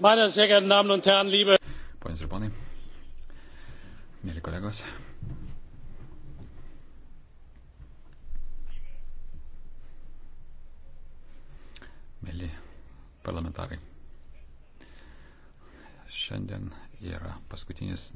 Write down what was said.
Meine sehr geehrten Damen und Herren, liebe. Ponios ir ponai, mėly kolegos. Mėly parlamentarai. Šiandien yra paskutinis